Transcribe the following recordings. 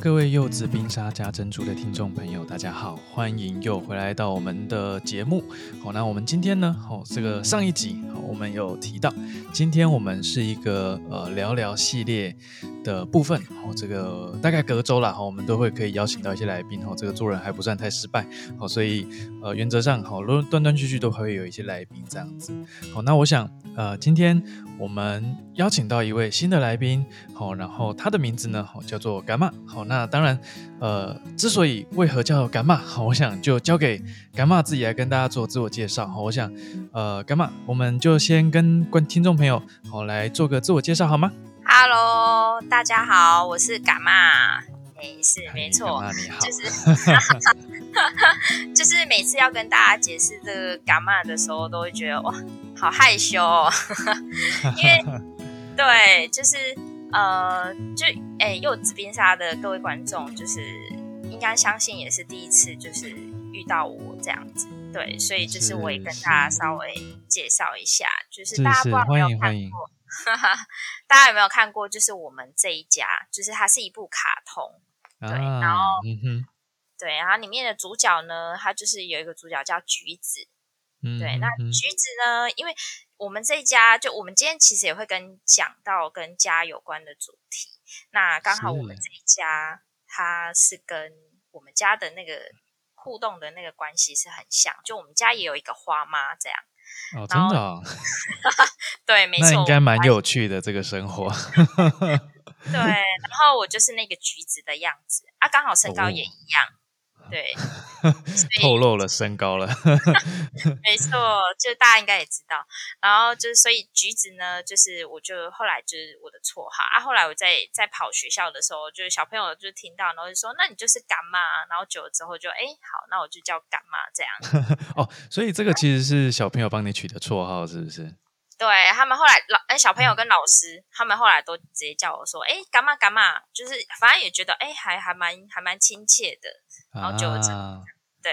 各位柚子冰沙加珍珠的聽眾朋友，大家好，歡迎又回來到我們的節目。好，那我們今天呢，好這個上一集我們有提到，今天我們是一個呃聊聊系列的部分。好，這個大概隔周啦，好，我們都會可以邀請到一些來賓。好，這個做人還不算太失敗。好，所以呃原則上好，斷斷斷續續都會有一些來賓這樣子。好，那我想呃今天我們邀請到一位新的來賓。好，然後他的名字呢，好叫做 Gama 好。那當然，呃，之所以為何叫敢罵，我想就交給敢罵自己來跟大家做自我介紹。好，我想，呃，敢罵，我們就先跟觀聽眾朋友好來做個自我介紹，好嗎？Hello，大家好，我是敢罵，沒、哎、事，沒錯 Hey,，你好，就是， 就是每次要跟大家解釋這個敢罵的時候，都會覺得哇，好害羞、哦， 因為對，就是。呃，就哎、欸，柚子冰沙的各位觀眾，就是應該相信也是第一次，就是遇到我這樣子，對，所以就是我也跟大家稍微介紹一下，是是就是大家不知道有沒有看過，哈哈， 大家有沒有看過？就是我們這一家，就是它是一部卡通，啊、對，然後，嗯哼、對，然後裡面的主角呢，它就是有一個主角叫橘子，嗯、哼哼對，那橘子呢，因為。我們這一家，就我們今天其實也會跟講到跟家有關的主題。那剛好我們這一家，它是跟我們家的那個互動的那個關係是很像。就我們家也有一個花媽這樣，哦，真的哦， 對，沒錯，那應該蠻有趣的這個生活。 對，然後我就是那個橘子的樣子啊，剛好身高也一樣。哦對呵呵，透露了 身高了。 沒錯，就大家應該也知道。然後就是，所以橘子呢，就是我就後來就是我的綽號啊。後來我在在跑學校的時候，就是小朋友就聽到，然後就說：“那你就是乾媽。”然後久了之後就哎，好，那我就叫乾媽這樣呵呵。哦，所以這個其實是小朋友幫你取的綽號，是不是？對，他們後來老，哎小朋友跟老師、嗯，他們後來都直接叫我說哎，乾媽乾媽，就是反正也覺得哎，還還蠻還蠻親切的，啊、然後就這樣對，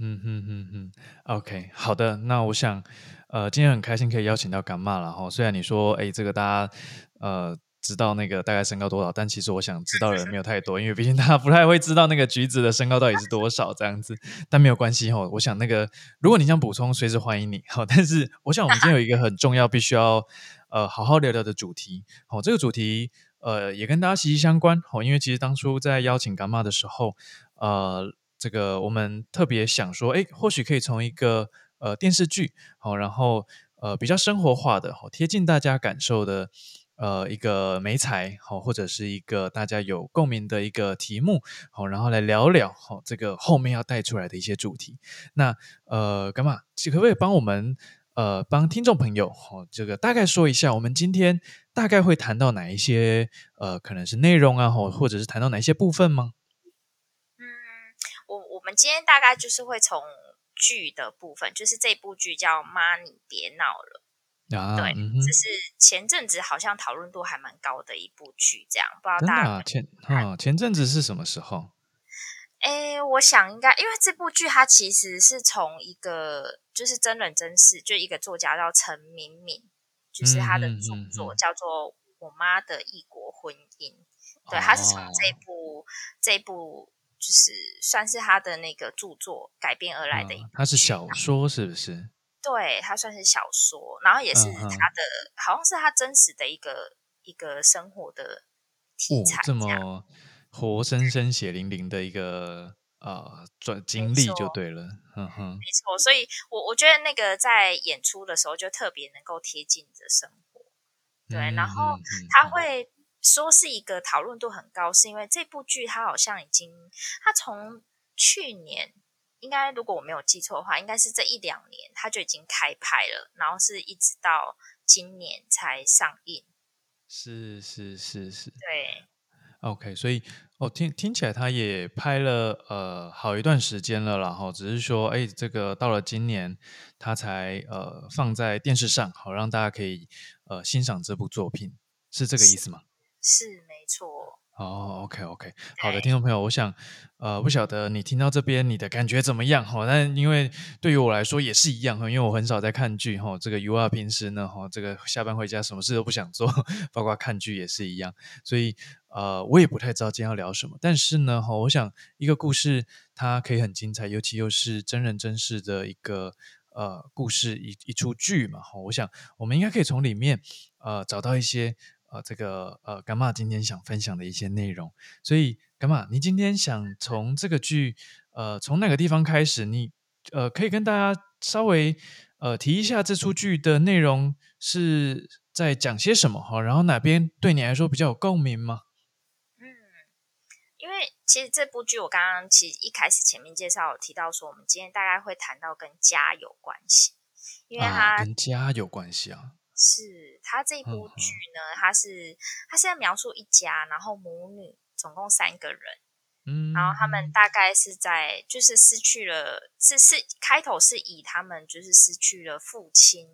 嗯嗯嗯嗯，OK 好的，那我想呃，今天很開心可以邀請到乾媽了哈，雖然你說哎這個大家呃。知道那個大概身高多少，但其實我想知道的人沒有太多，因為畢竟大家不太會知道那個橘子的身高到底是多少這樣子。但沒有關係哈，我想那個如果你想補充，隨時歡迎你。但是我想我們今天有一個很重要必須要呃好好聊聊的主題好，這個主題呃也跟大家息息相關好，因為其實當初在邀請乾媽的時候，呃，這個我們特別想說，誒，或許可以從一個呃電視劇好，然後呃比較生活化的好貼近大家感受的。呃，一個美才好，或者是一個大家有共鳴的一個題目好，然後來聊聊好這個後面要帶出來的一些主題。那呃，幹嘛可不可以幫我們呃幫聽眾朋友好這個大概說一下，我們今天大概會談到哪一些呃可能是內容啊，或或者是談到哪一些部分嗎？嗯，我我們今天大概就是會從劇的部分，就是這部劇叫《媽，你別鬧了》。啊，對，就、嗯、是前陣子好像討論度還蠻高的一部劇，這樣、啊、不知道大家前啊、哦、前陣子是什麼時候？哎，我想應該因為這部劇它其實是從一個就是真人真事，就一個作家叫陳敏敏，就是他的著作叫做《我媽的異國婚姻》，嗯嗯嗯嗯、對，他是從這部、哦、這部就是算是他的那個著作改編而來的一部，他、啊、是小說是不是？對，它算是小說，然後也是他的，嗯、好像是他真實的一個一個生活的題材這、哦，這麼活生生、血淋淋的一個啊，轉、呃、經歷就對了，嗯哼，沒錯。所以我，我我覺得那個在演出的時候就特別能夠貼近你的生活，對。嗯、然後他會說是一個討論度很高，嗯嗯、是因為這部劇他好像已經他從去年。應該如果我沒有記錯的話，應該是這一兩年他就已經開拍了，然後是一直到今年才上映。是是是是，對。OK，所以，哦，聽聽起來他也拍了呃好一段時間了，然後只是說，哎，這個到了今年他才呃放在電視上，好讓大家可以呃欣賞這部作品，是這個意思嗎？是，是沒錯。哦、oh，OK，OK，okay, okay. 好的，聽眾朋友，我想，呃，不曉得你聽到這邊你的感覺怎麼樣哈？但因為對於我來說也是一樣哈，因為我很少在看劇哈。這個 U R 平時呢哈，這個下班回家什麼事都不想做，包括看劇也是一樣。所以呃，我也不太知道今天要聊什麼。但是呢哈，我想一個故事它可以很精彩，尤其又是真人真事的一個呃故事一一齣劇嘛哈。我想我們應該可以從裡面呃找到一些。呃，這個呃，gama 今天想分享的一些內容，所以 gama 你今天想從這個劇，呃，從哪個地方開始？你呃，可以跟大家稍微呃提一下這出劇的內容是在講些什麼？然後哪邊對你來說比較有共鳴嗎？嗯，因為其實這部劇我剛剛其實一開始前面介紹有提到說，我們今天大概會談到跟家有關係，因為它、啊、跟家有關係啊。是他這一部劇呢，他是他是在描述一家，然後母女總共三個人，嗯，然後他們大概是在就是失去了，是是開頭是以他們就是失去了父親，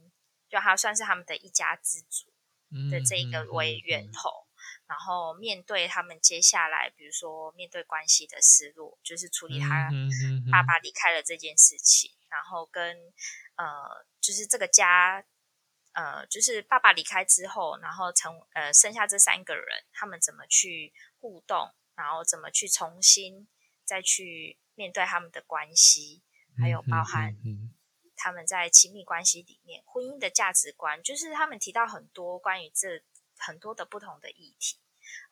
就他算是他們的一家之主，嗯，的這一個為源頭，然後面對他們接下來，比如說面對關係的失落，就是處理他爸爸離開了這件事情，然後跟呃，就是這個家。呃，就是爸爸離開之後，然後成呃剩下這三個人，他們怎麼去互動，然後怎麼去重新再去面對他們的關係，還有包含他們在親密關係裡面、嗯哼哼哼、婚姻的價值觀，就是他們提到很多關於這很多的不同的議題。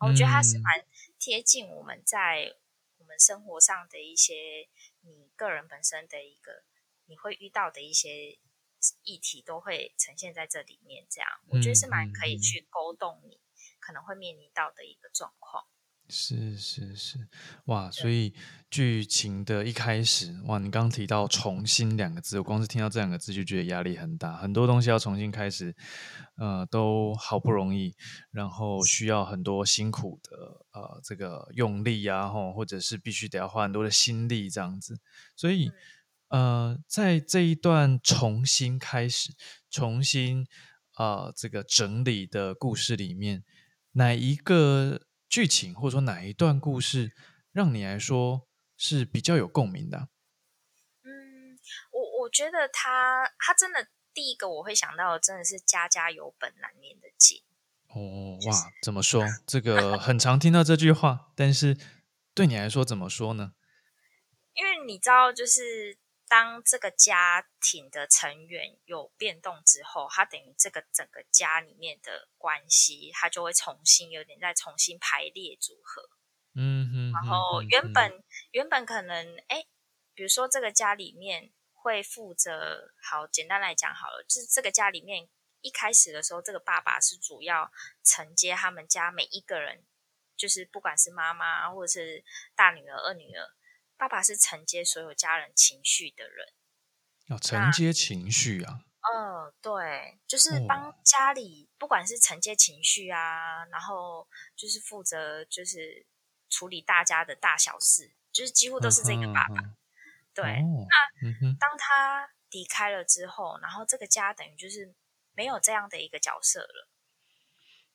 嗯、我覺得它是蠻貼近我們在我們生活上的一些你個人本身的一個你會遇到的一些。議題都會呈現在這裡面，這樣我覺得是蠻可以去勾動你、嗯嗯、可能會面臨到的一個狀況。是是是，哇！所以劇情的一開始，哇！你剛剛提到“重新”兩個字，我光是聽到這兩個字就覺得壓力很大，很多東西要重新開始，呃，都好不容易，然後需要很多辛苦的呃這個用力呀，吼，或者是必須得要花很多的心力這樣子，所以。嗯呃，在這一段重新開始、重新啊、呃、這個整理的故事裡面，哪一個劇情或者說哪一段故事，讓你來說是比較有共鳴的、啊？嗯，我我覺得他他真的第一個我會想到的真的是“家家有本難念的經”。哦、就是、哇，怎麼說？這個很常聽到這句話， 但是對你來說怎麼說呢？因為你知道，就是。當這個家庭的成員有變動之後，它，等於這個整個家裡面的關係，它就會重新有點在重新排列組合。嗯，然後原本、嗯、原本可能哎、欸，比如說這個家裡面會負責，好簡單來講好了，就是這個家裡面一開始的時候，這個爸爸是主要承接他們家每一個人，就是不管是媽媽或者是大女兒、二女兒。爸爸是承接所有家人情緒的人，要、哦、承接情緒啊！嗯、呃，對，就是幫家裡、哦，不管是承接情緒啊，然後就是負責就是處理大家的大小事，就是幾乎都是這個爸爸。啊啊啊、對，哦、那、嗯、當他離開了之後，然後這個家等於就是沒有這樣的一個角色了。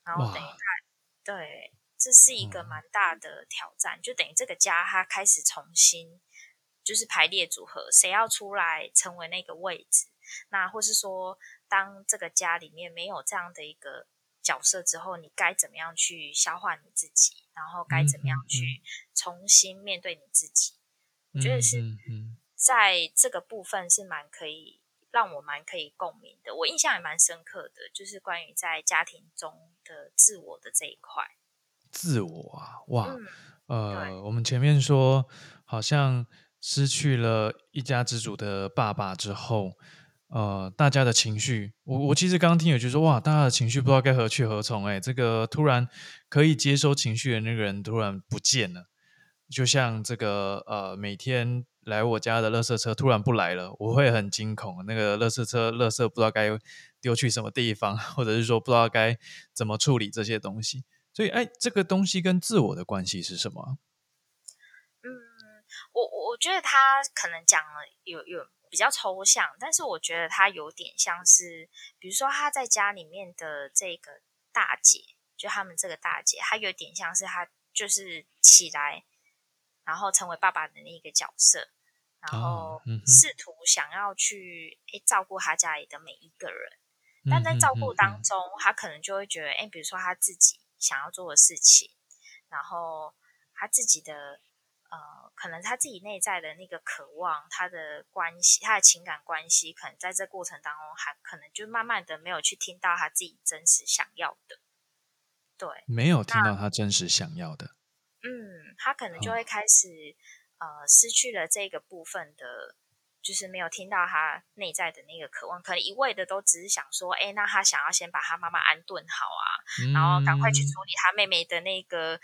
然後等於他，對。這是一個蠻大的挑戰，就等於這個家，他開始重新就是排列組合，誰要出來成為那個位置？那或是說，當這個家裡面沒有這樣的一個角色之後，你該怎麼樣去消化你自己？然後該怎麼樣去重新面對你自己？嗯嗯嗯，我覺得是在這個部分是蠻可以讓我蠻可以共鳴的。我印象也蠻深刻的，就是關於在家庭中的自我的這一塊。自我啊，哇，呃，嗯、我們前面說好像失去了一家之主的爸爸之後，呃，大家的情緒，我我其實剛聽也覺得說，哇，大家的情緒不知道該何去何從、欸，哎，這個突然可以接收情緒的那個人突然不見了，就像這個呃，每天來我家的垃圾車突然不來了，我會很驚恐，那個垃圾車垃圾不知道該丟去什麼地方，或者是說不知道該怎麼處理這些東西。所以，哎，這個東西跟自我的關係是什麼？嗯，我我覺得他可能講了有有比較抽象，但是我覺得他有點像是，比如說他在家裡面的這個大姐，就他們這個大姐，她有點像是她就是起來，然後成為爸爸的那個角色，然後試圖想要去，哦嗯、哎照顧他家裡的每一個人，但在照顧當中，嗯嗯嗯嗯，他可能就會覺得，哎，比如說他自己。想要做的事情，然後他自己的呃，可能他自己內在的那個渴望，他的關係，他的情感關係，可能在這過程當中還，還可能就慢慢的沒有去聽到他自己真實想要的，對，沒有聽到他真實想要的，嗯，他可能就會開始、哦、呃，失去了這個部分的。就是沒有聽到他內在的那個渴望，可能一味的都只是想說，哎，那他想要先把他媽媽安頓好啊、嗯，然後趕快去處理他妹妹的那個，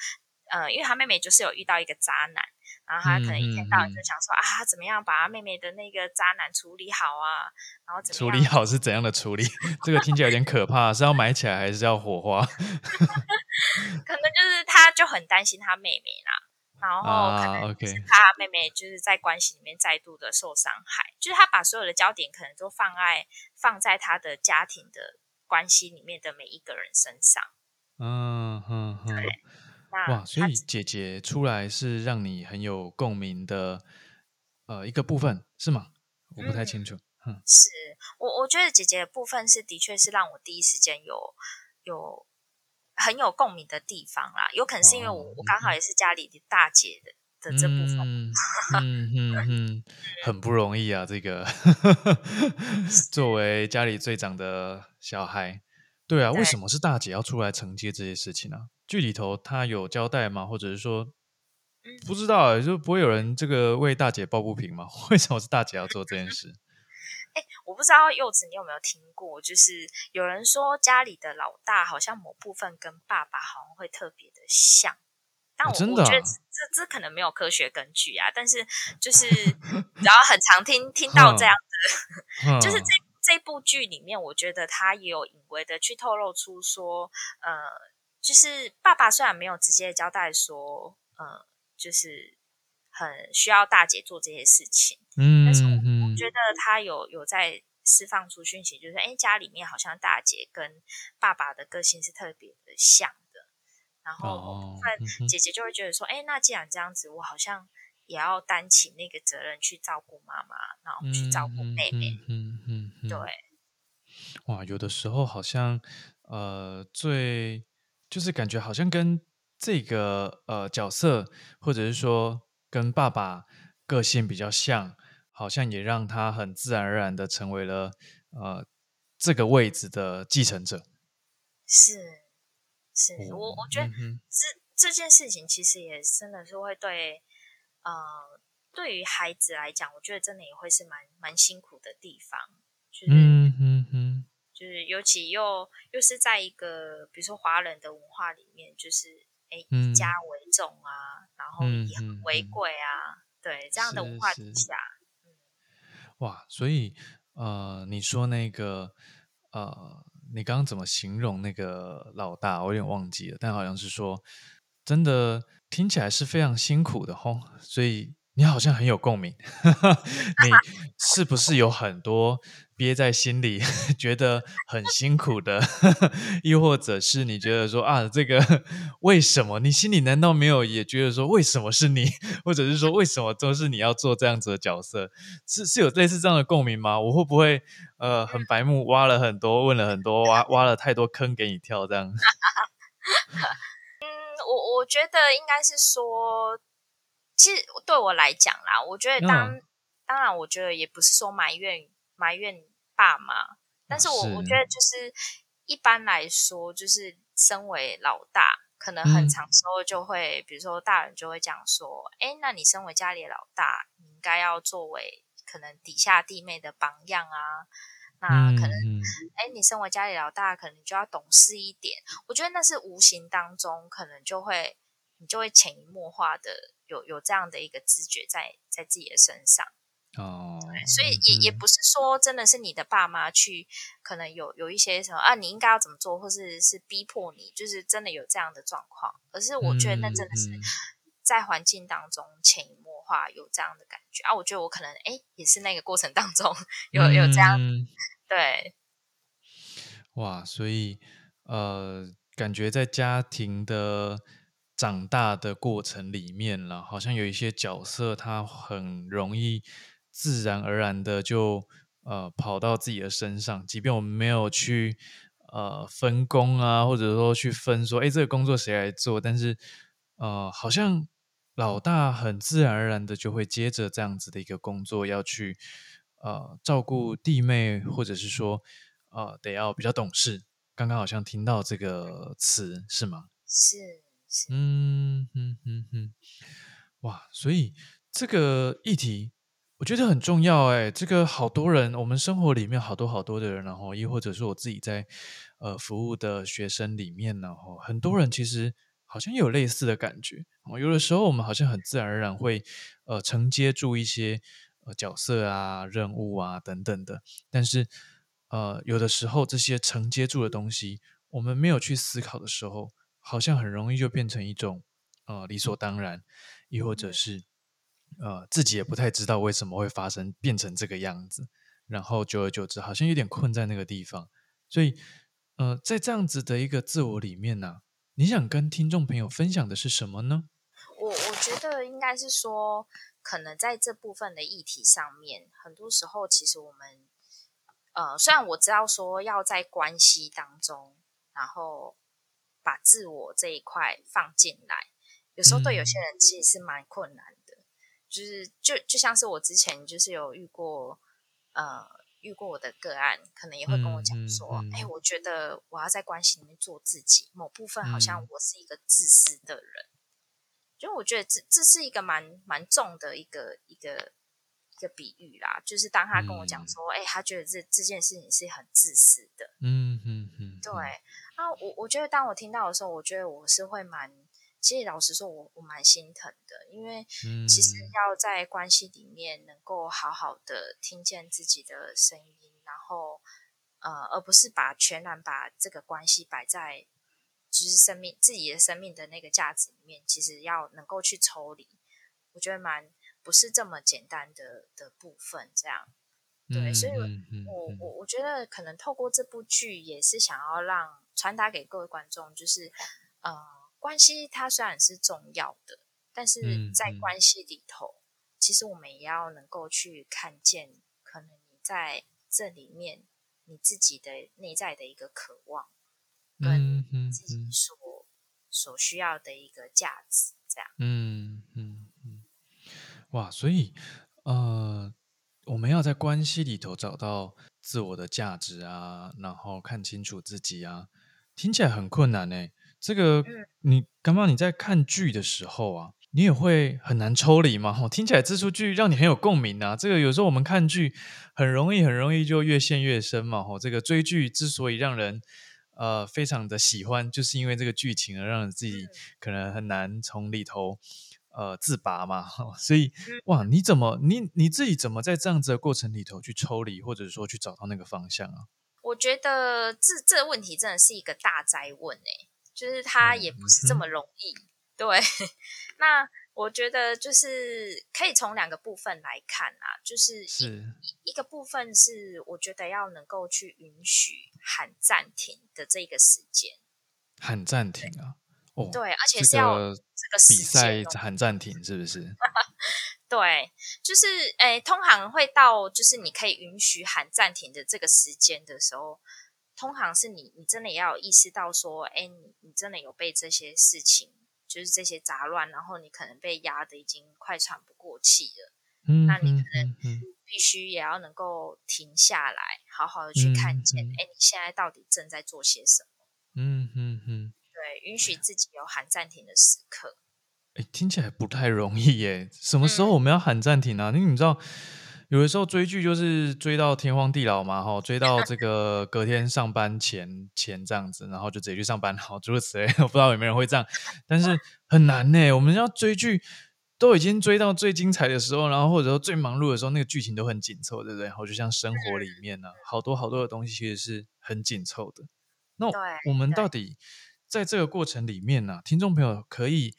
呃，因為他妹妹就是有遇到一個渣男，然後他可能一天到晚就想說、嗯、啊，怎麼樣把他妹妹的那個渣男處理好啊，然後怎麼樣處理好是怎樣的處理？這個聽起來有點可怕， 是要埋起來還是要火化？可能就是他就很擔心他妹妹啦。然後可能是他妹妹，就是在關係裡面再度的受傷害，啊，okay，就是他把所有的焦點可能都放在放在他的家庭的關係裡面的每一個人身上。嗯哼哼。那哇，所以姐姐出來是讓你很有共鳴的，呃，一個部分，是嗎？嗯，我不太清楚。嗯，是我我覺得姐姐的部分是的確是讓我第一時間有有。很有共鳴的地方啦，有可能是因為我我剛好也是家裡的大姐的的這部分，哦、嗯 嗯嗯，嗯，很不容易啊，這個 作為家裡最長的小孩，對啊對，為什麼是大姐要出來承接這些事情呢，啊？劇裡頭她有交代嗎？或者是說不知道、欸，就不會有人這個為大姐抱不平嗎？為什麼是大姐要做這件事？ 我不知道柚子，你有沒有聽過，就是有人說家裡的老大好像某部分跟爸爸好像會特別的像，但我我覺得這這可能沒有科學根據啊。但是就是， 然後很常聽聽到這樣子， 就是這這部劇裡面，我覺得他也有隱晦的去透露出說，呃，就是爸爸雖然沒有直接交代說，呃，就是很需要大姐做這些事情，嗯。但是 覺得他有有在釋放出訊息，就是哎，家裡面好像大姐跟爸爸的個性是特別的像的，然後，哦、那姐姐就會覺得說、哦嗯，哎，那既然這樣子，我好像也要擔起那個責任去照顧媽媽，然後去照顧妹妹。嗯嗯嗯，嗯，嗯，嗯，對。哇，有的時候好像，呃，最就是感覺好像跟這個呃角色，或者是說跟爸爸個性比較像。好像也讓他很自然而然的成為了呃這個位置的繼承者，是，是我我覺得、哦嗯、這這件事情其實也真的是會對呃對於孩子來講，我覺得真的也會是蠻蠻辛苦的地方，就是，嗯,嗯,嗯就是尤其又又是在一個比如說華人的文化裡面，就是誒以家為重啊，嗯、然後以和為貴啊，嗯嗯嗯、對這樣的文化底下。哇，所以，呃，你說那個，呃，你剛剛怎麼形容那個老大？我有點忘記了，但好像是說，真的聽起來是非常辛苦的吼。所以。你好像很有共鳴，你是不是有很多憋在心裡，覺得很辛苦的，又或者是你覺得說啊，這個為什麼？你心裡難道沒有也覺得說，為什麼是你，或者是說為什麼都是你要做這樣子的角色？是是有類似這樣的共鳴嗎？我會不會呃，很白目，挖了很多，問了很多，挖挖了太多坑給你跳這樣？ 嗯，我我覺得應該是說。其實對我來講啦，我覺得當然、oh. 當然，我覺得也不是說埋怨、埋怨爸媽，但是我我覺得就是一般來說，就是身為老大，可能很長時候就會、嗯，比如說大人就會講說，哎，那你身為家裡的老大，你應該要作為可能底下弟妹的榜樣啊。那可能哎、嗯，你身為家裡老大，可能就要懂事一點。我覺得那是無形當中，可能就會你就會潛移默化的。有有這樣的一個知覺在在自己的身上哦，所以也、嗯、也不是說真的是你的爸媽去可能有有一些什麼啊，你應該要怎麼做，或是是逼迫你，就是真的有這樣的狀況，而是我覺得那真的是在環境當中潛移默化有這樣的感覺、嗯嗯、啊，我覺得我可能哎、欸、也是那個過程當中有有這樣、嗯、對，哇，所以呃感覺在家庭的。長大的過程裡面了，好像有一些角色，他很容易自然而然的就呃跑到自己的身上，即便我們沒有去呃分工啊，或者說去分說，哎，這個工作誰來做？但是呃，好像老大很自然而然的就會接着這樣子的一個工作，要去呃照顧弟妹，或者是說呃得要比較懂事。剛剛好像聽到這個詞，是嗎？是。嗯哼哼哼。哇！所以這個議題我覺得很重要欸。這個好多人，我們生活裡面好多好多的人，然後亦或者是我自己在呃服務的學生裡面，然後很多人其實好像有類似的感覺。有的時候我們好像很自然而然會呃承接住一些、呃、角色啊、任務啊等等的，但是呃有的時候這些承接住的東西，我們沒有去思考的時候。好像很容易就變成一種，呃，理所當然，亦或者是，呃，自己也不太知道為什麼會發生變成這個樣子，然後久而久之，好像有點困在那個地方。所以，呃，在這樣子的一個自我裡面呢、啊，你想跟聽眾朋友分享的是什麼呢？我我覺得應該是說，可能在這部分的議題上面，很多時候其實我們，呃，雖然我知道說要在關係當中，然後。把自我這一塊放進來，有時候對有些人其實是蠻困難的。嗯、就是就就像是我之前就是有遇過，呃，遇過我的個案，可能也會跟我講說，哎、嗯嗯欸，我覺得我要在關係裡面做自己，某部分好像我是一個自私的人。嗯、就我覺得這這是一個蠻蠻重的一個一個一個比喻啦。就是當他跟我講說，哎、嗯欸，他覺得這這件事情是很自私的，嗯。對，啊，我我覺得當我聽到的時候，我覺得我是會蠻，其實老實說我，我我蠻心疼的，因為其實要在關係裡面能夠好好的聽見自己的聲音，然後呃，而不是把全然把這個關係擺在就是生命自己的生命的那個價值裡面，其實要能夠去抽離，我覺得蠻不是這麼簡單的的部分這樣。對，所以我，我我我覺得可能透過這部劇，也是想要讓傳達給各位觀眾，就是，呃，關係它雖然是重要的，但是在關係裡頭，嗯、其實我們也要能夠去看見，可能你在這裡面，你自己的內在的一個渴望，跟自己所、嗯嗯、所需要的一個價值，這樣。嗯嗯嗯，哇，所以，呃。我們要在關係裡頭找到自我的價值啊，然後看清楚自己啊，聽起來很困難呢。這個你剛剛你在看劇的時候啊，你也會很難抽離嘛。哦，聽起來這出劇讓你很有共鳴啊。這個有時候我們看劇很容易，很容易就越陷越深嘛。哦，這個追劇之所以讓人呃非常的喜歡，就是因為這個劇情而讓你自己可能很難從裡頭呃，自拔嘛，哦、所以、嗯、哇，你怎麼你你自己怎麼在這樣子的過程裡頭去抽離，或者說去找到那個方向啊？我覺得這這問題真的是一個大哉問誒，就是它也不是這麼容易。嗯、對， 那我覺得就是可以從兩個部分來看啊，就是一一個部分是我覺得要能夠去允許喊暫停的這個時間，喊暫停啊。對，而且是要這個比賽喊暫停，是不是？ 對，就是哎、欸，通常會到就是你可以允許喊暫停的這個時間的時候，通常是你你真的也要意識到說，哎、欸，你你真的有被這些事情，就是這些雜亂，然後你可能被壓得已經快喘不過氣了。嗯，那你可能必須也要能夠停下來，嗯、好好的去看見，哎、嗯欸，你現在到底正在做些什麼？嗯嗯。允許自己有喊暫停的時刻，哎、欸，聽起來不太容易耶。什麼時候我們要喊暫停啊、嗯？因為你知道，有的時候追劇就是追到天荒地老嘛，吼，追到這個隔天上班前前這樣子，然後就直接去上班好，好諸如此類。我不知道有沒有人會這樣，但是很難呢、嗯。我們要追劇都已經追到最精彩的時候，然後或者說最忙碌的時候，那個劇情都很緊湊，對不對？然後就像生活裡面呢、啊，好多好多的東西其實是很緊湊的。那我們到底？在這個過程裡面呢、啊，聽眾朋友可以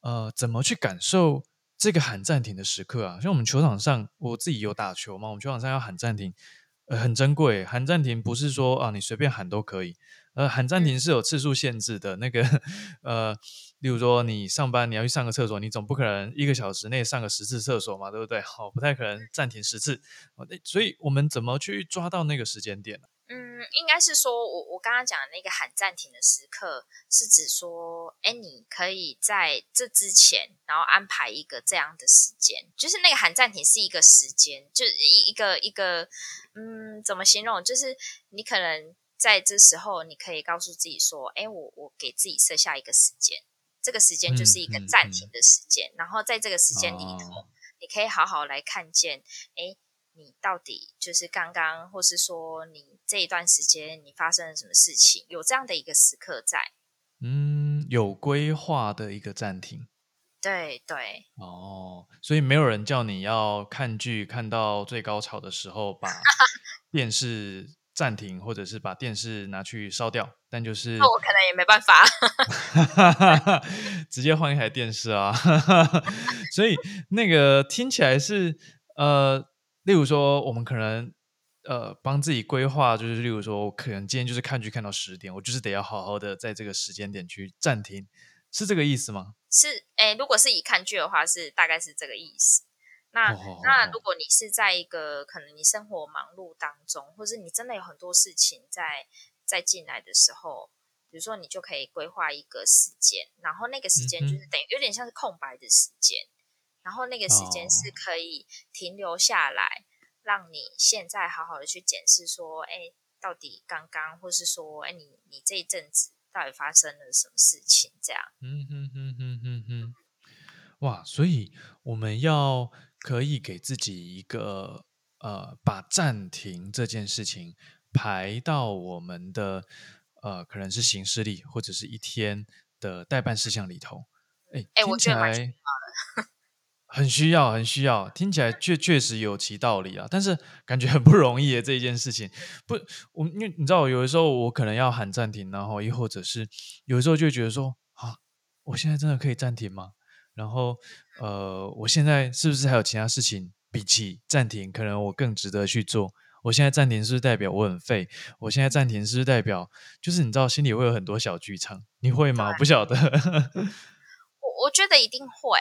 呃怎麼去感受這個喊暫停的時刻啊？像我們球場上，我自己有打球嘛，我們球場上要喊暫停，呃很珍貴。喊暫停不是說啊，你隨便喊都可以，呃喊暫停是有次數限制的。那個呃，例如說你上班你要去上個廁所，你總不可能一個小時內上個十次廁所嘛，對不對？好，不太可能暫停十次。那所以我們怎麼去抓到那個時間點呢、啊？嗯，應該是說我，我我剛剛講的那個喊暫停的時刻，是指說，哎、欸，你可以在這之前，然後安排一個這樣的時間，就是那個喊暫停是一個時間，就一一個一個，嗯，怎麼形容？就是你可能在這時候，你可以告訴自己說，哎、欸，我我給自己設下一個時間，這個時間就是一個暫停的時間、嗯嗯嗯，然後在這個時間裡頭、哦，你可以好好來看見，哎、欸。你到底就是剛剛，或是說你這一段時間，你發生了什麼事情？有這樣的一個時刻在，嗯，有規劃的一個暫停，對對，哦，所以沒有人叫你要看劇，看到最高潮的時候把電視暫停， 或者是把電視拿去燒掉，但就是那我可能也沒辦法， 直接換一台電視啊， 所以那個聽起來是呃。例如說，我們可能呃幫自己規劃，就是例如說，我可能今天就是看劇看到十點，我就是得要好好的在這個時間點去暫停，是這個意思嗎？是，哎、欸，如果是以看劇的話是，是大概是這個意思。那、哦、那如果你是在一個、哦、可能你生活忙碌當中，或是你真的有很多事情在在進來的時候，比如說你就可以規劃一個時間，然後那個時間就是等於、嗯、有點像是空白的時間。然後那個時間是可以停留下來，oh. 讓你現在好好的去檢視說，哎，到底剛剛，或是說，哎，你你這一陣子到底發生了什麼事情？這樣，嗯哼哼哼哼嗯，哇，所以我們要可以給自己一個呃，把暫停這件事情排到我們的呃，可能是行事曆或者是一天的待辦事項裡頭。哎，我覺得還蠻挺好的。很需要，很需要，聽起來確確實有其道理啊！但是感覺很不容易這一件事情，不，我因為你知道，有的時候我可能要喊暫停啊，然後，又或者是有的時候就覺得說啊，我現在真的可以暫停嗎？然後，呃，我現在是不是還有其他事情，比起暫停，可能我更值得去做？我現在暫停是，是代表我很廢？我現在暫停是，是代表，就是你知道，心裡會有很多小劇場？你會嗎？我不曉得，我我覺得一定會。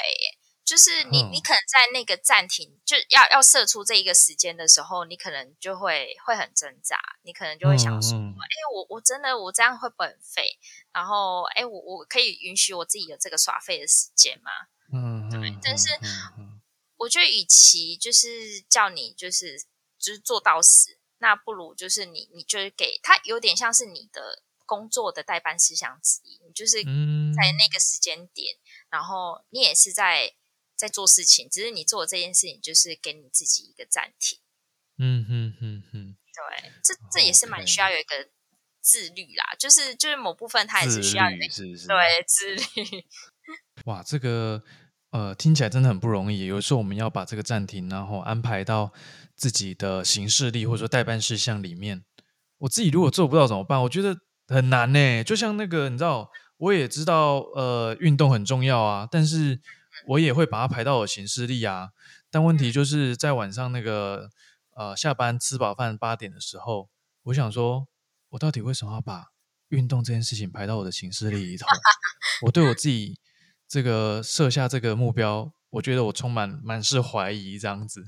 就是你，你可能在那個暫停，oh. 就要要射出這一個時間的時候，你可能就會會很掙扎，你可能就會想說，哎，mm -hmm. 欸，我我真的我這樣會不會很廢，然後哎，欸，我我可以允許我自己有這個耍廢的時間嗎？嗯、mm -hmm.，對。但是我覺得，與其就是叫你就是就是做到死，那不如就是你你就是給他有點像是你的工作的代班思想之一，你就是在那個時間點，mm -hmm. 然後你也是在。在做事情，只是你做的這件事情，就是給你自己一個暫停。嗯嗯嗯嗯，對，這這也是蠻需要有一個自律啦，Okay. 就是就是某部分它也是需要自律，是是是對自律。哇，這個呃聽起來真的很不容易。有時候我們要把這個暫停，然後安排到自己的行事曆或者說待辦事項裡面。我自己如果做不到怎麼辦？我覺得很難呢、欸。就像那個，你知道，我也知道，呃，運動很重要啊，但是。我也會把它排到我的行事曆啊，但問題就是在晚上那個呃下班吃飽飯八點的時候，我想說，我到底為什麼要把運動這件事情排到我的行事曆裡頭？ 我對我自己這個設下這個目標，我覺得我充滿滿是懷疑這樣子。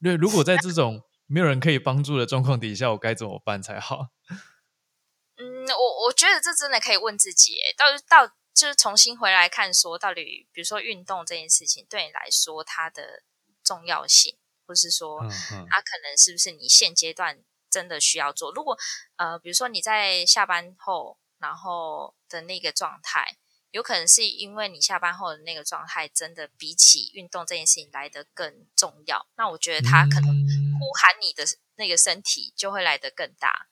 因為如果在這種沒有人可以幫助的狀況底下，我該怎麼辦才好？嗯，我我覺得這真的可以問自己、欸，到底到底。就是重新回來看，說到底，比如說運動這件事情對你來說，它的重要性，或是說它、嗯嗯啊、可能是不是你現階段真的需要做？如果呃，比如說你在下班後，然後的那個狀態，有可能是因為你下班後的那個狀態真的比起運動這件事情來得更重要，那我覺得它可能呼喊你的那個身體就會來得更大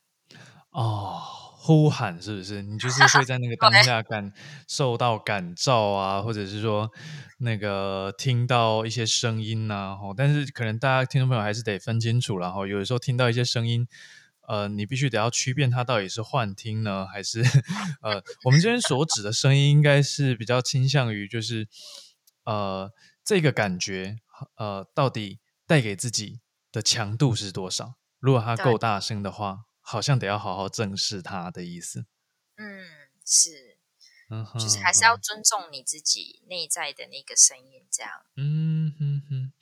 哦。嗯嗯呼喊是不是？你就是會在那個當下感受到感召啊，或者是說那個聽到一些聲音吶？哈，但是可能大家聽眾朋友還是得分清楚，然後有的時候聽到一些聲音，呃，你必須得要區辨它到底是幻聽呢，還是呃，我們這邊所指的聲音應該是比較傾向於就是呃這個感覺呃到底帶給自己的強度是多少？如果它夠大聲的話。好像得要好好正視他的意思，嗯，是，嗯， 就是還是要尊重你自己內在的那個聲音，這樣，嗯哼哼、嗯嗯，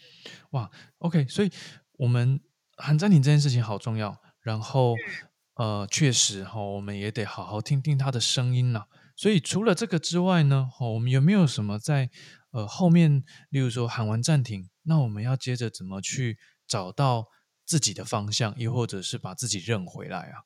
哇，OK，所以我們喊暫停這件事情好重要，然後呃，確實哈、哦，我們也得好好聽聽他的聲音吶。所以除了這個之外呢，哦、我們有沒有什麼在呃後面，例如說喊完暫停，那我們要接着怎麼去找到？自己的方向，又或者是把自己認回來啊？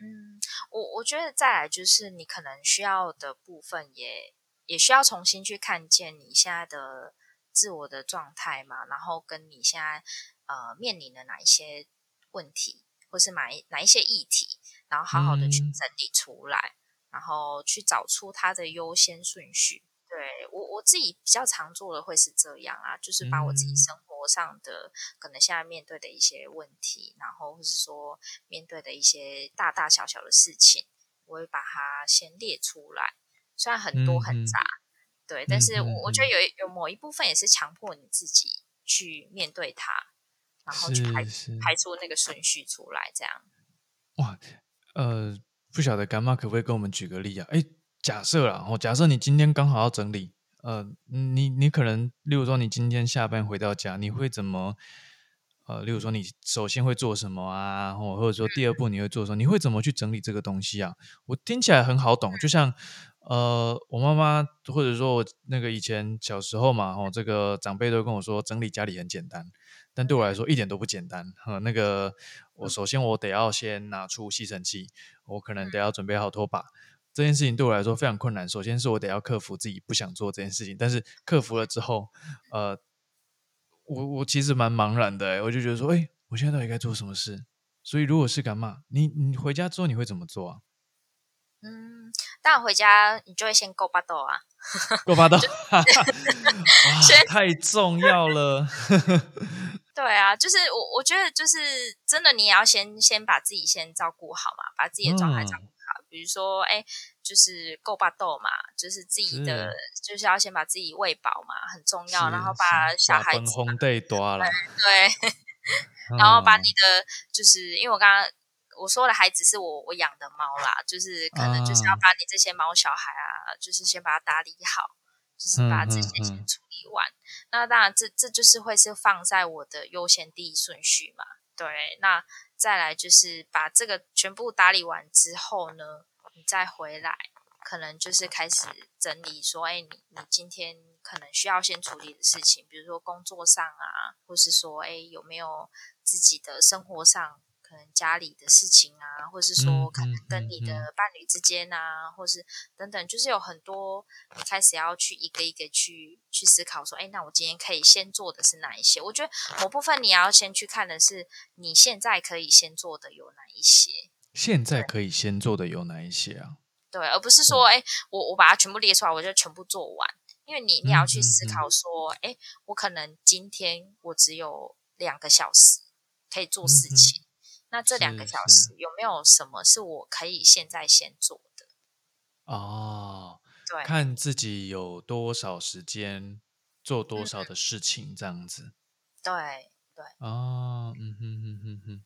嗯，我我覺得再來就是你可能需要的部分也，也也需要重新去看見你現在的自我的狀態嘛，然後跟你現在呃面臨的哪一些問題，或是哪一哪一些議題，然後好好的去整理出來、嗯，然後去找出它的優先順序。對，我我自己比較常做的會是這樣啊，就是把我自己生活上的、嗯、可能現在面對的一些問題，然後或是說面對的一些大大小小的事情，我會把它先列出來，雖然很多很雜，嗯、對、嗯，但是我我覺得有有某一部分也是強迫你自己去面對它，然後去排排出那個順序出來，這樣。哇，呃，不曉得乾媽可不可以跟我們舉個例啊？哎、欸。假設啦，假設你今天剛好要整理，呃，你你可能，例如說你今天下班回到家，你會怎麼，呃，例如說你首先會做什麼啊，或者說第二步你會做什麼？你會怎麼去整理這個東西啊？我聽起來很好懂，就像，呃，我媽媽或者說我那個以前小時候嘛，哦，這個長輩都跟我說，整理家裡很簡單，但對我來說一點都不簡單。和，呃，那個我首先我得要先拿出吸塵器，我可能得要準備好拖把。這件事情對我來說非常困難。首先是我得要克服自己不想做這件事情，但是克服了之後，呃，我我其實蠻茫然的。我就覺得說，哎，我現在到底該做什麼事？所以如果是幹嘛？你你回家之後你會怎麼做啊？嗯，當然回家你就會先勾巴豆啊，勾巴豆， 就 哇 太重要了。 對啊，就是我我覺得就是真的，你也要先先把自己先照顧好嘛，把自己的狀態照顧好。嗯比如說，哎，就是顧巴肚嘛，就是自己的，就是要先把自己餵飽嘛，很重要。然後把小孩子、嗯，對 嗯、然後把你的，就是因為我剛剛我說的孩子是我我養的貓啦，就是可能就是要把你這些貓小孩啊，嗯、就是先把它打理好，就是把這些先處理完。嗯嗯嗯，那當然這，這這就是會是放在我的優先第一順序嘛。對，那。再來就是把這個全部打理完之後呢，你再回來，可能就是開始整理說，欸，你你今天可能需要先處理的事情，比如說工作上啊，或是說，欸，有沒有自己的生活上。可能家裡的事情啊，或是說可能跟你的伴侶之間啊、嗯嗯嗯，或是等等，就是有很多開始要去一個一個去去思考，說，哎、欸，那我今天可以先做的是哪一些？我覺得某部分你要先去看的是你現在可以先做的有哪一些？現在可以先做的有哪一些啊？對，而不是說，哎、欸，我我把它全部列出來，我就全部做完。因為你你要去思考說，哎、嗯嗯嗯欸，我可能今天我只有兩個小時可以做事情。嗯嗯那這兩個小時是是有沒有什麼是我可以現在先做的？哦，對，看自己有多少時間做多少的事情，嗯、這樣子。對對。哦，嗯哼嗯哼哼、嗯、哼，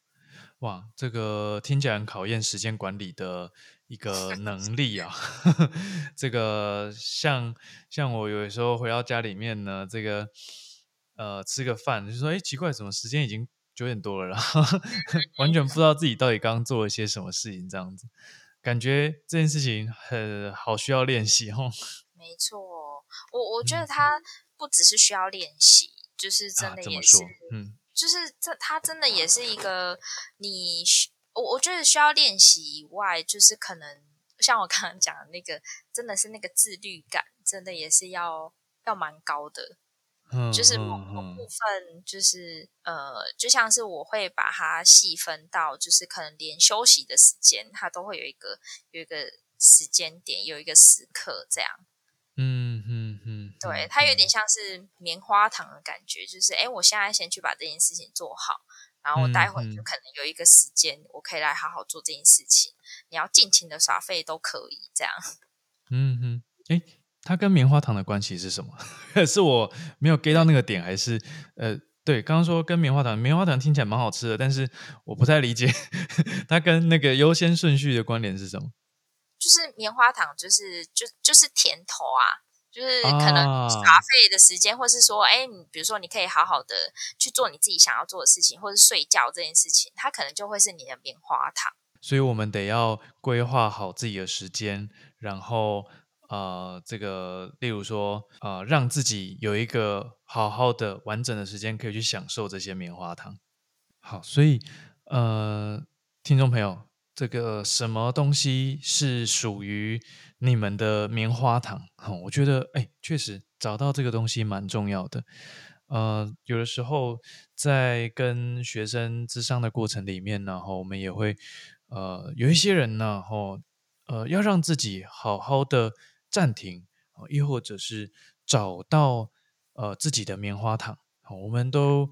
哇，這個聽起來很考驗時間管理的一個能力啊。 這個像像我有時候回到家裡面呢，這個呃吃個飯就是說，哎，奇怪，怎麼時間已經。九點多了，然後完全不知道自己到底剛剛做了些什麼事情，這樣子，感覺這件事情很好需要練習哦。沒錯，我我覺得他不只是需要練習，就是真的也是，啊、說嗯，就是這他真的也是一個你，我我覺得需要練習以外，就是可能像我剛剛講的那個，真的是那個自律感，真的也是要要蠻高的。就是某，某部分，就是 oh, oh, oh. 呃，就像是我會把它細分到，就是可能連休息的時間，它都會有一個有一個時間點，有一個時刻這樣。嗯嗯嗯，嗯，對，它有點像是棉花糖的感覺，嗯、就是哎，我現在先去把這件事情做好，然後我待會就可能有一個時間，我可以來好好做這件事情。你要盡情的耍廢都可以這樣。嗯嗯。嗯它跟棉花糖的關係是什麼？ 是我沒有 get 到那個點，還是呃，對，剛剛說跟棉花糖，棉花糖聽起來蠻好吃的，但是我不太理解 它跟那個優先順序的關聯是什麼。就是棉花糖，就是，就是就就是甜頭啊，就是可能花費的時間，或是說，誒，你比如說，你可以好好的去做你自己想要做的事情，或是睡覺這件事情，它可能就會是你的棉花糖。所以我們得要規劃好自己的時間，然後。呃，這個，例如說，啊、呃，讓自己有一個好好的、完整的時間，可以去享受這些棉花糖。好，所以，呃，聽眾朋友，這個什麼東西是屬於你們的棉花糖？哈、哦，我覺得，哎，確實找到這個東西蠻重要的。呃，有的時候在跟學生諮商的過程裡面呢，然後我們也會，呃，有一些人呢，哈，呃，要讓自己好好的。暫停哦，又或者是找到呃自己的棉花糖。我們都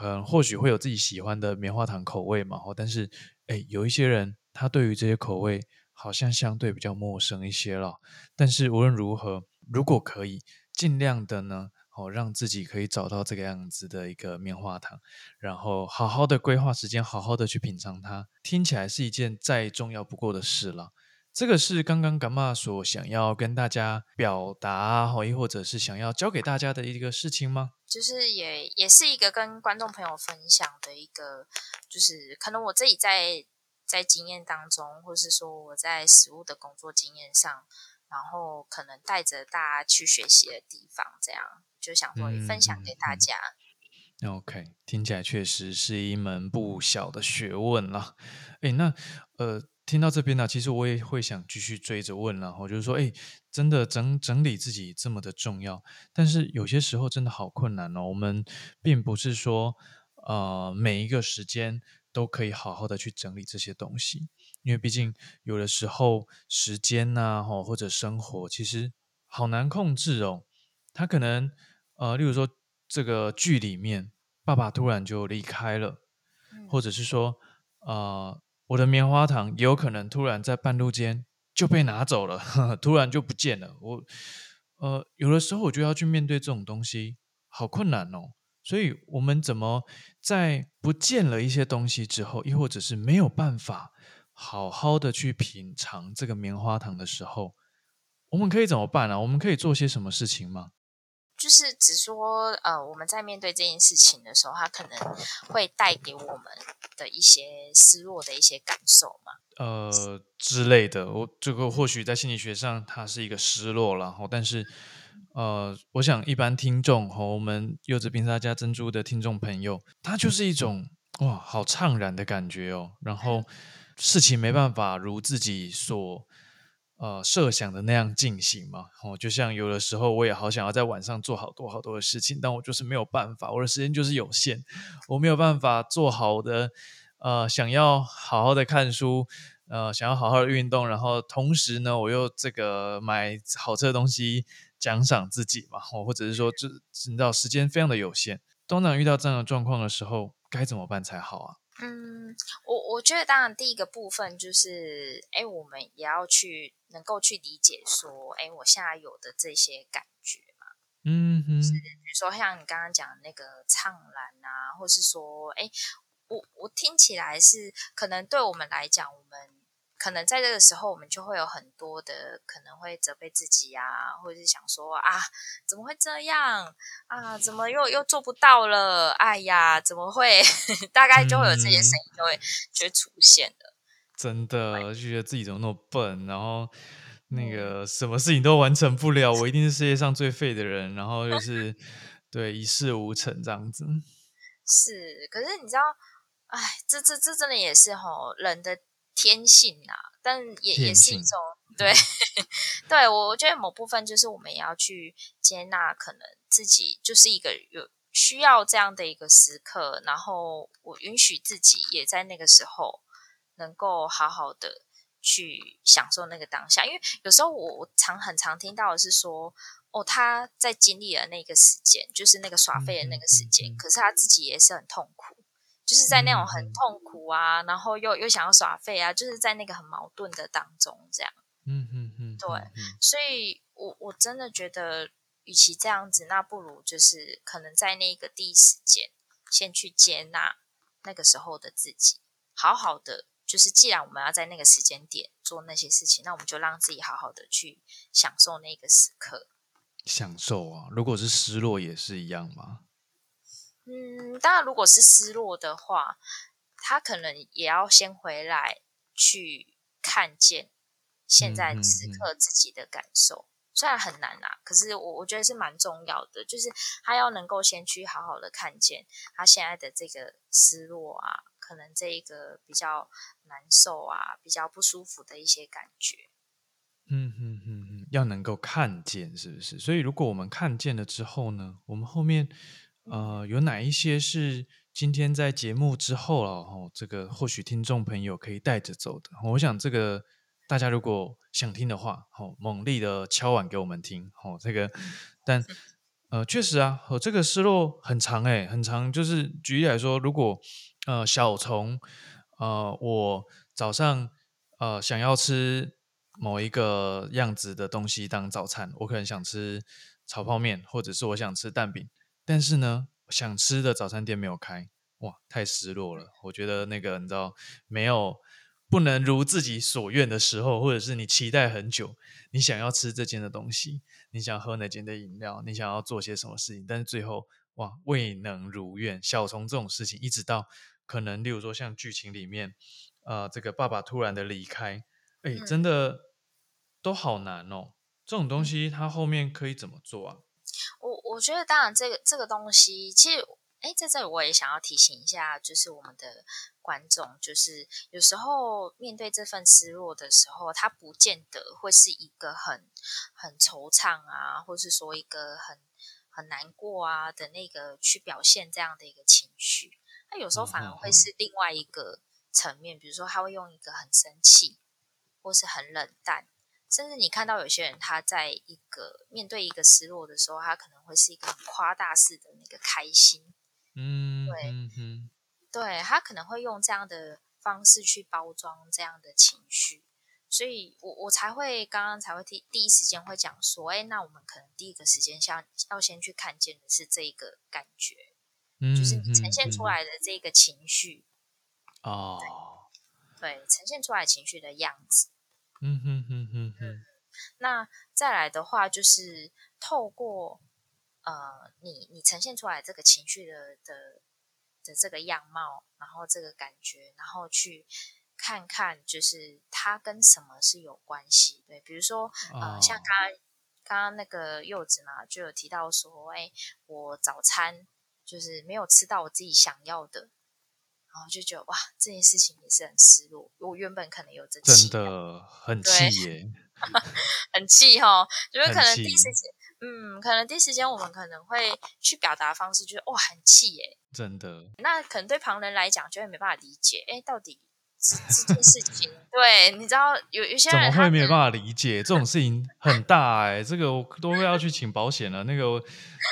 嗯、呃、或許會有自己喜歡的棉花糖口味嘛，但是、欸、有一些人他對於這些口味好像相對比較陌生一些了，但是無論如何，如果可以盡量的呢哦讓自己可以找到這個樣子的一個棉花糖，然後好好的規劃時間，好好的去品嘗它，聽起來是一件再重要不過的事了。這個是剛剛乾媽所想要跟大家表達，或亦或者是想要教給大家的一個事情嗎？就是也也是一個跟觀眾朋友分享的一個，就是可能我自己在在經驗當中，或是說我在實務的工作經驗上，然後可能帶着大家去學習的地方，這樣就想說分享給大家，嗯嗯嗯，OK，聽起來確實是一門不小的學問啦。哎，那呃。聽到這邊呢，其實我也會想繼續追着問，然後就是說，誒，真的整整理自己這麼的重要，但是有些時候真的好困難哦。我們並不是說，呃，每一個時間都可以好好的去整理這些東西，因為畢竟有的時候時間吶、啊，吼或者生活其實好難控制哦。他可能，呃，例如說這個劇裡面，爸爸突然就離開了，或者是說，呃。我的棉花糖有可能突然在半路間就被拿走了，呵呵，突然就不見了。我呃，有的時候我就要去面對這種東西，好困難哦。所以，我們怎麼在不見了一些東西之後，又或者是沒有辦法好好的去品嘗這個棉花糖的時候，我們可以怎麼辦呢、啊？我們可以做些什麼事情嗎？就是只說，呃，我們在面對這件事情的時候，它可能會帶給我們的一些失落的一些感受嘛，呃之類的。我這個或許在心理學上它是一個失落，然後，但是，呃，我想一般聽眾和我們柚子冰沙加珍珠的聽眾朋友，他就是一種、嗯、哇，好悵然的感覺哦，然後事情沒辦法如自己所，呃，設想的那樣進行嘛，我、哦、就像有的時候，我也好想要在晚上做好多好多的事情，但我就是沒有辦法，我的時間就是有限，我沒有辦法做好的，呃，想要好好的看書，呃，想要好好的運動，然後同時呢，我又這個買好吃的東西獎賞自己嘛，我、哦、或者是說就，這你知道時間非常的有限，通常遇到這樣的狀況的時候，該怎麼辦才好啊？嗯，我我覺得當然，第一個部分就是，哎、欸，我們也要去能夠去理解說，哎、欸，我現在有的這些感覺嘛，嗯哼，就是比如說像你剛剛講那個悵然啊，或是說，哎、欸，我我聽起來是可能對我們來講，我們。可能在這個時候，我們就會有很多的，可能會責備自己啊，或者是想說啊，怎麼會這樣啊？怎麼又又做不到了？哎呀，怎麼會？ 大概就會有這些聲音，就會、嗯、就會出現了。真的，就覺得自己怎麼那麼笨，然後那個、嗯、什麼事情都完成不了，我一定是世界上最廢的人。 然後就是對一事無成這樣子。是，可是你知道，哎，這這這真的也是吼人的，天性吶、啊，但也也是一種對。對我，我覺得某部分就是我們也要去接納，可能自己就是一個有需要這樣的一個時刻，然後我允許自己也在那個時候能夠好好的去享受那個當下。因為有時候我常很常聽到的是說，哦，他在經歷了那個時間，就是那個耍廢的那個時間、嗯嗯嗯嗯，可是他自己也是很痛苦。就是在那種很痛苦啊，嗯、然後又又想要耍廢啊，就是在那個很矛盾的當中這樣。嗯嗯嗯，對，嗯、所以我我真的覺得，與其這樣子，那不如就是可能在那個第一時間，先去接納那個時候的自己，好好的，就是既然我們要在那個時間點做那些事情，那我們就讓自己好好的去享受那個時刻。享受啊，如果是失落也是一樣嗎？嗯，當然，如果是失落的話，他可能也要先回來去看見現在此刻自己的感受。嗯嗯嗯，雖然很難啊，可是我我覺得是蠻重要的，就是他要能夠先去好好的看見他現在的這個失落啊，可能這一個比較難受啊，比較不舒服的一些感覺。嗯嗯嗯，要能夠看見是不是？所以如果我們看見了之後呢，我們後面。呃，有哪一些是今天在節目之後、啊、哦，這個或許聽眾朋友可以帶着走的。哦、我想這個大家如果想聽的話，吼、哦，猛力的敲碗給我們聽，吼、哦、這個。但呃，確實啊，我、哦、這個思路很長哎、欸，很長。就是舉例來說，如果呃小蟲，呃我早上呃想要吃某一個樣子的東西當早餐，我可能想吃炒泡麵，或者是我想吃蛋餅。但是呢，想吃的早餐店沒有開，哇，太失落了。我覺得那個你知道，沒有不能如自己所願的時候，或者是你期待很久，你想要吃這間的東西，你想喝哪間的飲料，你想要做些什麼事情，但是最後哇，未能如願。小蟲這種事情，一直到可能，例如說像劇情裡面，呃，這個爸爸突然的離開，哎，真的都好難哦。這種東西，它後面可以怎麼做啊？我我覺得當然，這個這個東西，其實，誒，在這裡我也想要提醒一下，就是我們的觀眾，就是有時候面對這份失落的時候，他不見得會是一個很很惆悵啊，或是說一個很很難過啊的那個去表現這樣的一個情緒，那有時候反而會是另外一個層面，比如說他會用一個很生氣，或是很冷淡。甚至你看到有些人，他在一個面對一個失落的時候，他可能會是一個很誇大式的那個開心，嗯，對，嗯嗯、對他可能會用這樣的方式去包裝這樣的情緒，所以我我才會剛剛才會第第一時間會講說，哎、欸，那我們可能第一個時間像要，要先去看見的是這個感覺，嗯，嗯就是你呈現出來的這個情緒、嗯嗯，哦對，對，呈現出來情緒的樣子，嗯哼哼。嗯嗯那再來的話，就是透過呃，你你呈現出來這個情緒的的的這個樣貌，然後這個感覺，然後去看看，就是它跟什麼是有關係？對，比如說呃，哦、像剛剛剛剛那個柚子嘛，就有提到說，哎、欸，我早餐就是沒有吃到我自己想要的，然後就覺得哇，這件事情也是很失落。我原本可能有這的，真的很氣耶，對。 很氣吼，就是可能第一時間，嗯，可能第一時間我們可能會去表達方式，就是哇，很氣耶，真的。那可能對旁人來講，就會沒辦法理解，哎、欸，到底是這件事情？ 對，你知道有有些人怎麼會沒有辦法理解這種事情很大哎、欸， 這個我都會要去請保險了，啊。那個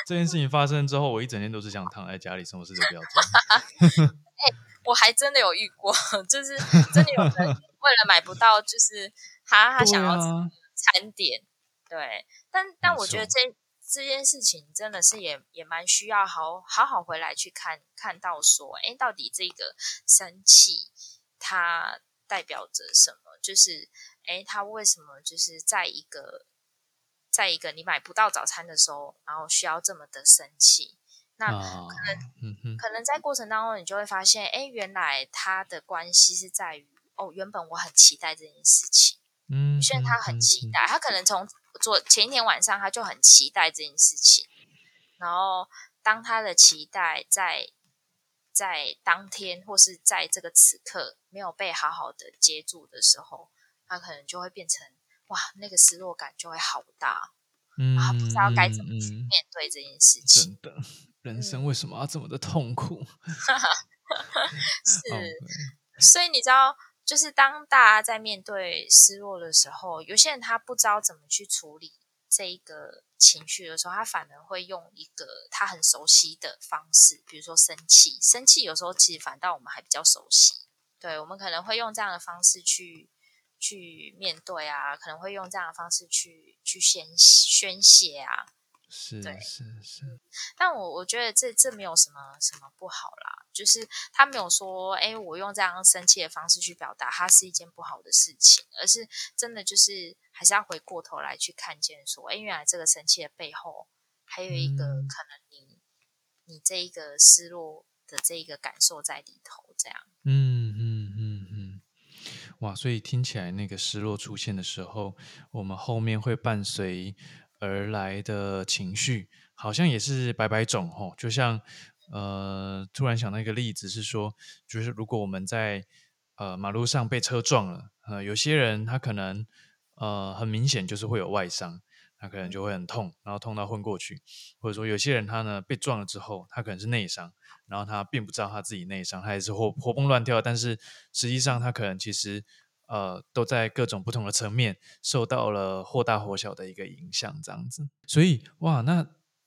這件事情發生之後，我一整天都是想躺在家裡，什麼事都不要做 欸。我還真的有遇過，就是真的有人為了買不到，就是。他他想要吃個餐點，對，啊對，但但我覺得這這件事情真的是也也蠻需要好好好回來去看看到說，哎，欸，到底這個生氣它代表着什麼？就是哎，他，欸，為什麼就是在一個在一個你買不到早餐的時候，然後需要這麼的生氣？那可能，oh，可能在過程當中，你就會發現，哎，欸，原來他的關係是在於哦，原本我很期待這件事情。嗯，嗯，嗯，現在他很期待，他可能從昨前一天晚上他就很期待這件事情，然後當他的期待在在當天或是在這個此刻沒有被好好的接住的時候，他可能就會變成哇，那個失落感就會好大，嗯，然後不知道該怎麼去面對這件事情。真的，人生為什麼要這麼的痛苦？嗯、 是，okay. 所以你知道。就是當大家在面對失落的時候，有些人他不知道怎麼去處理這一個情緒的時候，他反而會用一個他很熟悉的方式，比如說生氣。生氣有時候其實反倒我們還比較熟悉，對，我們可能會用這樣的方式去去面對啊，可能會用這樣的方式去去宣宣洩啊。是是是，嗯，但我我覺得這這沒有什麼什麼不好啦，就是他沒有說，哎，我用這樣生氣的方式去表達，它是一件不好的事情，而是真的就是還是要回過頭來去看見，說，哎，原來這個生氣的背後還有一個可能你，你、嗯、你這一個失落的這一個感受在裡頭，這樣，嗯嗯嗯嗯，哇，所以聽起來那個失落出現的時候，我們後面會伴隨。而來的情緒好像也是百百種吼、哦，就像呃，突然想到一個例子是說，就是如果我們在呃馬路上被車撞了，呃，有些人他可能呃很明顯就是會有外傷，他可能就會很痛，然後痛到昏過去；或者說有些人他呢被撞了之後，他可能是內傷，然後他並不知道他自己內傷，他還是活活蹦亂跳，但是實際上他可能其實。呃，都在各種不同的層面受到了或大或小的一個影響，這樣子。所以，哇，那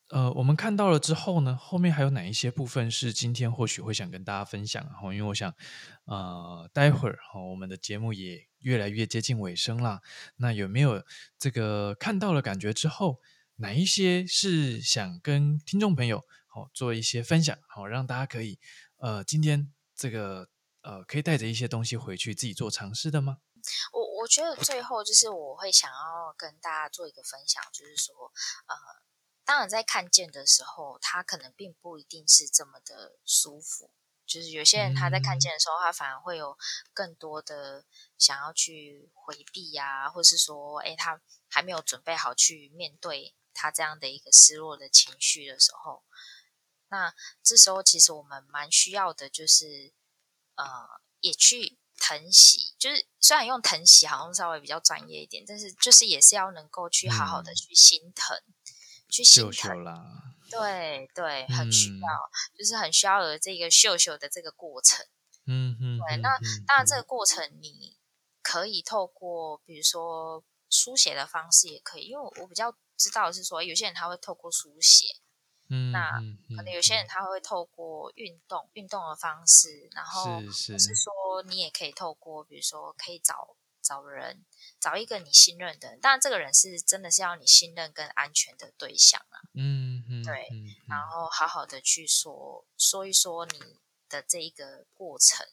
呃，我們看到了之後呢，後面還有哪一些部分是今天或許會想跟大家分享？然後，因為我想，呃，待會兒哈、嗯，哦，我們的節目也越來越接近尾聲啦。那有沒有這個看到了感覺之後，哪一些是想跟聽眾朋友好、哦、做一些分享？好、哦，讓大家可以呃，今天這個。呃，可以帶着一些東西回去自己做嘗試的嗎？我我覺得最後就是我會想要跟大家做一個分享，就是說，呃，當然在看見的時候，他可能並不一定是這麼的舒服。就是有些人他在看見的時候，嗯、他反而會有更多的想要去回避呀、啊，或者是說，哎、欸，他還沒有準備好去面對他這樣的一個失落的情緒的時候，那這時候其實我們蠻需要的，就是。呃，也去疼惜，就是雖然用疼惜好像稍微比較專業一點，但是就是也是要能夠去好好的去心疼、嗯，去心疼啦，對對，很需要、嗯，就是很需要有這個秀秀的這個過程，嗯嗯。對，那當然、嗯、這個過程你可以透過、嗯、比如說書寫的方式也可以，因為我比較知道是說有些人他會透過書寫。嗯嗯嗯、那可能有些人他會透過運動運動的方式，然後是說你也可以透過，比如說可以找找人，找一個你信任的人，當然這個人是真的是要你信任跟安全的對象啊。嗯，嗯對嗯嗯，然後好好的去說說一說你的這一個過程，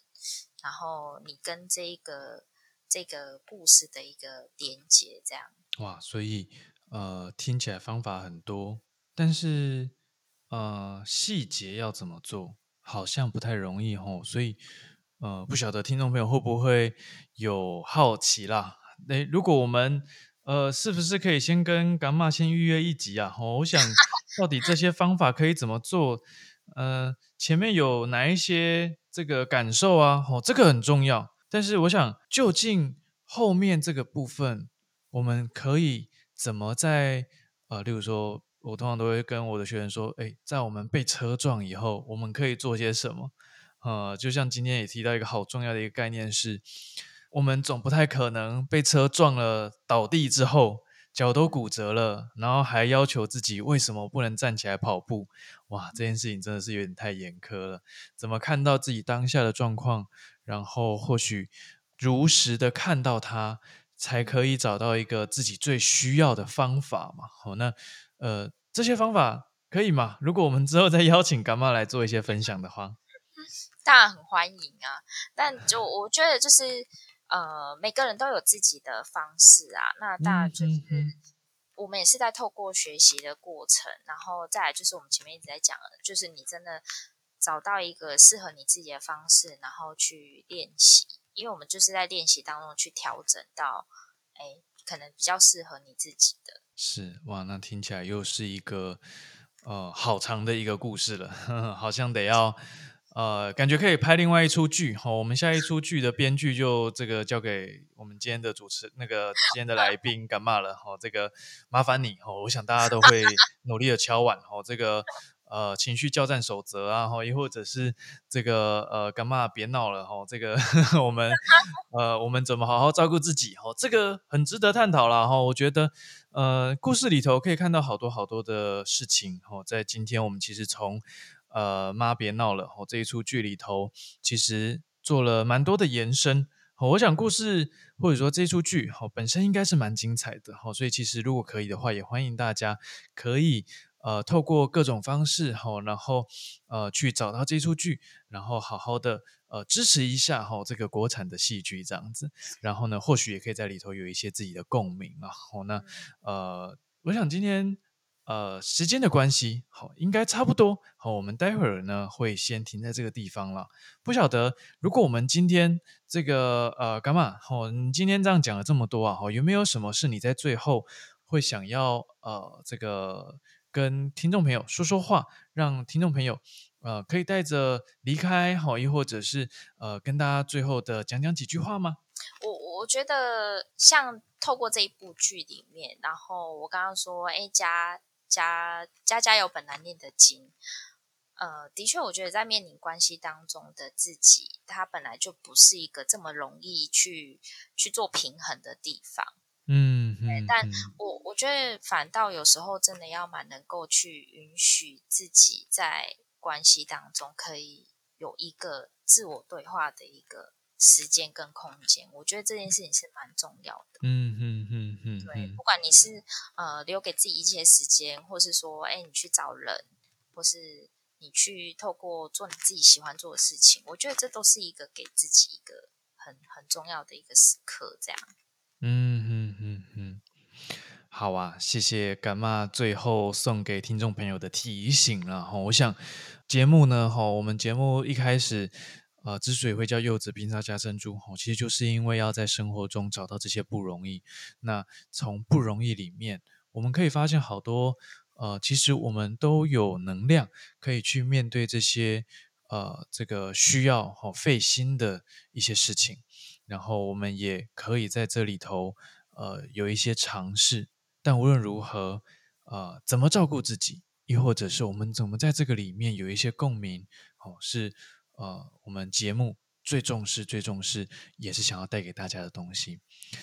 然後你跟這一個這個故事的一個連結這樣。哇，所以呃聽起來方法很多，但是。呃，細節要怎麼做，好像不太容易吼、哦，所以呃，不曉得聽眾朋友會不會有好奇啦？誒，如果我們呃，是不是可以先跟 Gamma 先預約一集啊？哦，我想到底這些方法可以怎麼做？呃，前面有哪一些這個感受啊？哦，這個很重要。但是我想，究竟後面這個部分，我們可以怎麼在呃，例如說。我通常都會跟我的學員說：“誒，在我們被車撞以後，我們可以做些什麼？呃、嗯，就像今天也提到一個好重要的一個概念是，是我們總不太可能被車撞了倒地之後，腳都骨折了，然後還要求自己為什麼不能站起來跑步？哇，這件事情真的是有點太嚴苛了。怎麼看到自己當下的狀況，然後或許如實的看到它，才可以找到一個自己最需要的方法嘛？好，那。”呃，這些方法可以嗎？如果我們之後再邀請乾媽來做一些分享的話，當然很歡迎啊。但就我覺得，就是呃，每個人都有自己的方式啊。那大家就是，我們也是在透過學習的過程，然後再來就是我們前面一直在講的，就是你真的找到一個適合你自己的方式，然後去練習，因為我們就是在練習當中去調整到，哎，可能比較適合你自己的。是哇，那聽起來又是一個呃好長的一個故事了，呵呵好像得要呃，感覺可以拍另外一出劇。好，我們下一出劇的編劇就這個交給我們今天的主持那個今天的來賓幹嘛了？好，這個麻煩你。好，我想大家都會努力的敲碗。好，這個呃情緒交戰守則啊，哈，也或者是這個呃幹嘛別鬧了。哈，這個呵呵我們呃我們怎麼好好照顧自己？哈，這個很值得探討啦哈，我覺得。呃，故事裡頭可以看到好多好多的事情哦。在今天我們其實從呃“媽別鬧了”哦這一出劇裡頭，其實做了蠻多的延伸。哦、我想故事或者說這一出劇、哦、本身應該是蠻精彩的、哦、所以其實如果可以的話，也歡迎大家可以。呃，透過各種方式哈、哦，然後呃，去找到這出劇，然後好好的呃支持一下哈、哦、這個國產的戲劇這樣子，然後呢，或許也可以在裡頭有一些自己的共鳴，然後呢，呃，我想今天呃時間的關係，好、哦，應該差不多，好、哦，我們待會兒呢會先停在這個地方了。不曉得如果我們今天這個呃幹嘛 m 好、哦，你今天這樣講了這麼多啊，好、哦，有沒有什麼是你在最後會想要呃這個？跟聽眾朋友說說話，讓聽眾朋友呃可以帶着離開，好，亦或者是呃跟大家最後的講講幾句話嗎？我我覺得像透過這一部劇裡面，然後我剛剛說，哎，家家家家有本難念的經，呃，的確，我覺得在面臨關係當中的自己，他本來就不是一個這麼容易去去做平衡的地方。但我我覺得，反倒有時候真的要蠻能夠去允許自己在關係當中，可以有一個自我對話的一個時間跟空間。我覺得這件事情是蠻重要的。嗯哼哼哼。對，不管你是呃留給自己一些時間，或是說哎、欸、你去找人，或是你去透過做你自己喜歡做的事情，我覺得這都是一個給自己一個很很重要的一個時刻。這樣，嗯。好啊，謝謝乾媽最後送給聽眾朋友的提醒了哈。我想節目呢，哈，我們節目一開始，呃，之所以會叫柚子冰沙加珍珠，哈，其實就是因為要在生活中找到這些不容易。那從不容易裡面，我們可以發現好多，呃，其實我們都有能量可以去面對這些，呃，這個需要好，呃，費心的一些事情。然後我們也可以在這裡頭，呃，有一些嘗試。但無論如何，呃，怎麼照顧自己，又或者是我們怎麼在這個裡面有一些共鳴，哦，是呃，我們節目最重視、最重視，也是想要帶給大家的東西。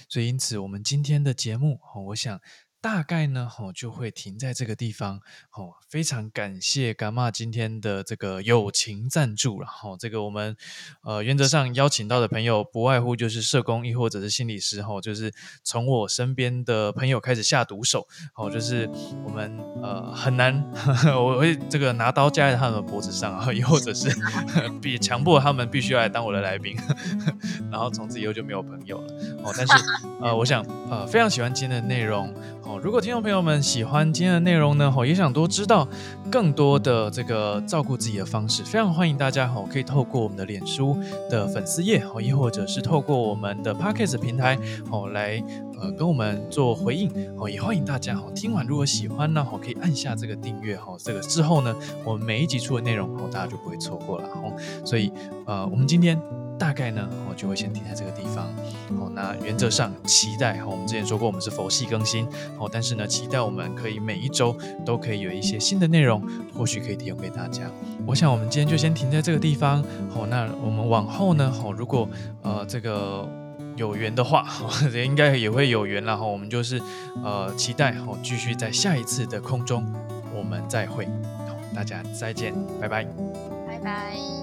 所以，因此我們今天的節目，哦，我想。大概呢，哦，就會停在這個地方。哦，非常感謝伽瑪今天的這個友情贊助。然後，這個我們呃原則上邀請到的朋友，不外乎就是社工，亦或者是心理師。哈，就是從我身邊的朋友開始下毒手。哦，就是我們呃很難呵呵，我會這個拿刀架在他們的脖子上啊，亦或者是逼強迫他們必須要來當我的來賓。呵呵然後從此以後就沒有朋友了。哦，但是呃，我想呃非常喜歡今天的內容。好、哦，如果聽眾朋友們喜歡今天的內容呢，吼、哦，也想多知道更多的這個照顧自己的方式，非常歡迎大家，吼、哦，可以透過我們的臉書的粉絲頁，吼，亦或者是透過我們的 Podcast 平台，吼、哦，來呃跟我們做回應，吼、哦，也歡迎大家，吼、哦，聽完如果喜歡呢，吼、哦，可以按下這個訂閱，吼、哦，這個之後呢，我們每一集出的內容，吼、哦，大家就不會錯過了，吼、哦，所以呃，我們今天。大概呢，我就會先停在這個地方。好，那原則上期待，哈，我們之前說過，我們是佛系更新，但是呢，期待我們可以每一周都可以有一些新的內容，或許可以提供給大家。我想我們今天就先停在這個地方。好，那我們往後呢，好，如果呃這個有緣的話，應該也會有緣，然後我們就是呃期待，好，繼續在下一次的空中，我們再會，大家再見，拜拜，拜拜。